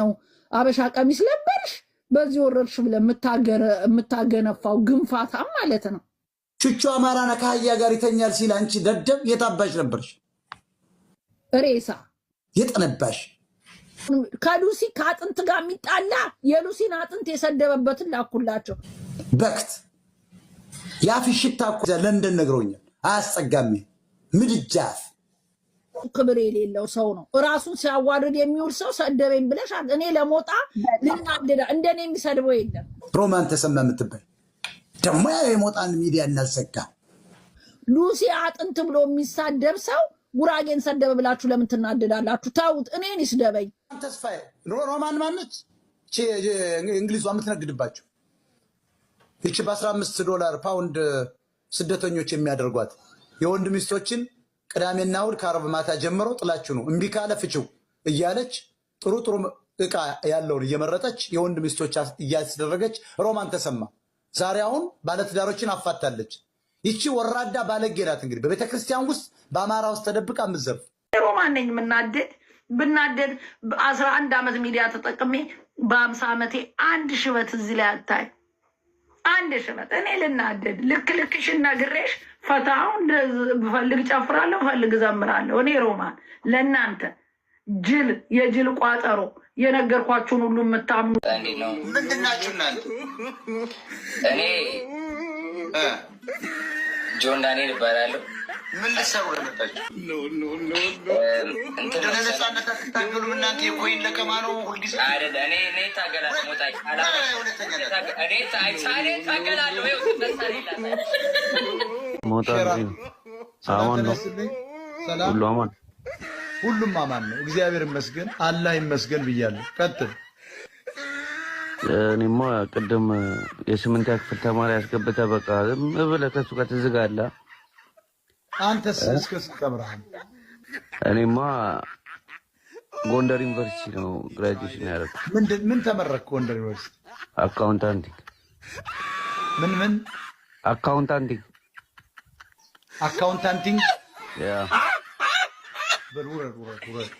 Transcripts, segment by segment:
ነው አበሻ ቀሚስ ለበርሽ በዚህ ወረድሽ ብለ የምታገነፋው ግንፋታ ማለት ነው። ቹቹ አማራ ነ ከአህያ ጋር ይተኛል ሲል አንቺ ደደብ የታባሽ ነበርሽ ሬሳ የጠነባሽ ከሉሲ ከአጥንት ጋር የሚጣላ የሉሲን አጥንት የሰደበበትን ላኩላቸው። በክት የአፊ ሽታ እኮ ለንደን ነግረውኛል። አያስጸጋሚ ምድጃ ክብር የሌለው ሰው ነው። እራሱን ሲያዋርድ የሚውል ሰው ሰደበኝ ብለሽ እኔ ለሞጣ ልናደዳ እንደኔ የሚሰድበው የለም። ሮማን ተሰማ የምትባይ ደግሞ የሞጣን ሚዲያ እናዘጋ። ሉሲ አጥንት ብሎ የሚሳደብ ሰው ጉራጌን ሰደበ ብላችሁ ለምን ትናደዳላችሁ? ተውት፣ እኔን ይስደበኝ። ተስፋዬ ሮማን ማነች? እንግሊዟ የምትነግድባቸው ይቺ በአስራ አምስት ዶላር ፓውንድ ስደተኞች የሚያደርጓት የወንድ ሚስቶችን ቅዳሜና እሑድ ከአርብ ማታ ጀምሮ ጥላችሁ ነው እምቢ ካለ እያለች ጥሩ ጥሩ እቃ ያለውን እየመረጠች የወንድ ሚስቶች እያስደረገች ሮማን ተሰማ ዛሬ አሁን ባለትዳሮችን አፋታለች። ይቺ ወራዳ ባለጌ ናት። እንግዲህ በቤተክርስቲያን ውስጥ በአማራ ውስጥ ተደብቃ ምዘርፍ ሮማን ነኝ። ምናደድ ብናደድ አስራ አንድ ዓመት ሚዲያ ተጠቅሜ በአምሳ ዓመቴ አንድ ሽበት እዚህ ላይ አታይ አንድ ሽበት እኔ ልናደድ ልክ ልክሽን ነግሬሽ ፈታውን ብፈልግ ጨፍራለሁ፣ ፈልግ ዘምራለሁ። እኔ ሮማን ለእናንተ ጅል የጅል ቋጠሮ የነገርኳችሁን ሁሉ የምታምኑ ምንድናችሁ እናንተ? እኔ ጆን ዳንኤል እባላለሁ። ምን ልትሰሩ ለመጣችሁ? አትታገሉ እናንተ? የኮይን ለቀማ ነው ሁልጊዜ እኔ እታገላለሁ። አማን ነው። ሁሉ አማን፣ ሁሉም አማን ነው። እግዚአብሔር ይመስገን፣ አላህ ይመስገን ብያለሁ። ቀጥል። እኔማ ቅድም የስምንት ክፍል ተማሪ ያስገብተህ በቃ ከሱ ጋር አንተስ እስከ እኔማ ጎንደር ዩኒቨርሲቲ ነው ግራጁዌሽን ምን ተመረክ? ጎንደር ዩኒቨርሲቲ አካውንታንቲንግ። ምን ምን አካውንታንቲንግ አካውንታንቲንግ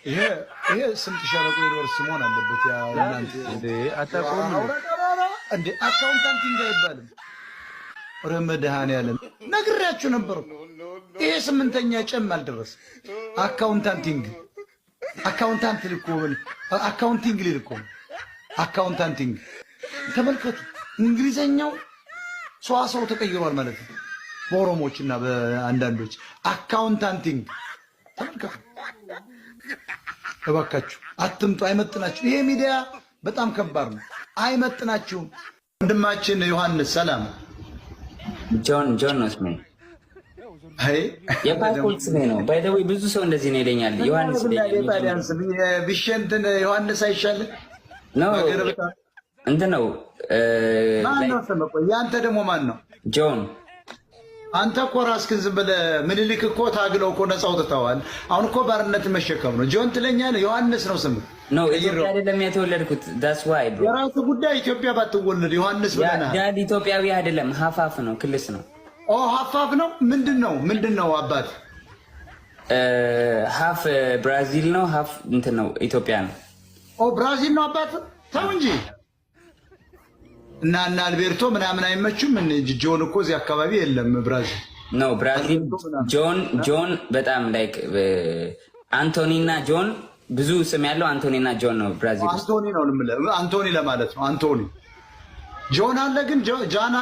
ይሄ ስንት ሸለቆ ዩኒቨርሲቲ መሆን አለበት። እንዴ አካውንታንቲንግ አይባልም። ረመድሃን ያለ ነግሬያችሁ ነበር። ይሄ ስምንተኛ ጨም አልደረስ አካውንታንቲንግ አካውንታንት ልኮ አካውንቲንግ ልልኮ አካውንታንቲንግ ተመልከቱ። እንግሊዘኛው ሰዋሰው ተቀይሯል ማለት ነው። በኦሮሞች እና በአንዳንዶች አካውንታንቲንግ ተመልከቱ እባካችሁ፣ አትምጡ። አይመጥናችሁ። ይሄ ሚዲያ በጣም ከባድ ነው። አይመጥናችሁም። ወንድማችን ዮሐንስ ሰላም ጆን ጆን ነው ስሜ። የፓስፖርት ስሜ ነው። ባይ ዘ ወይ ብዙ ሰው እንደዚህ ነው ይለኛል። ዮሐንስ ቢሸንትን ዮሐንስ አይሻልም ነው እንትን ነው። ማን ነው ስም? ቆይ ያንተ ደግሞ ማን ነው? ጆን አንተ እኮ ራስክን ዝም ብለህ ምኒልክ እኮ ታግለው እኮ ነፃ አውጥተዋል። አሁን እኮ ባርነት መሸከም ነው። ጆን ትለኛ ነው ዮሐንስ ነው ስምህ። አይደለም የተወለድኩት የራሱ ጉዳይ። ኢትዮጵያ ባትወለድ ዮሐንስ ብለናል። ኢትዮጵያዊ አይደለም ሀፋፍ ነው፣ ክልስ ነው። ኦ ሀፋፍ ነው። ምንድን ነው ምንድን ነው አባት? ሀፍ ብራዚል ነው፣ ሀፍ እንትን ነው፣ ኢትዮጵያ ነው። ኦ ብራዚል ነው አባት። ተው እንጂ እና እና አልቤርቶ ምናምን አይመችም። አይመቹም። ጆን እኮ እዚህ አካባቢ የለም። ብራዚል ነው ብራዚል ጆን ጆን በጣም ላይክ አንቶኒ እና ጆን ብዙ ስም ያለው አንቶኒ እና ጆን ነው። ብራዚል አንቶኒ ነው፣ አንቶኒ ለማለት ነው። አንቶኒ ጆን አለ ግን ጃን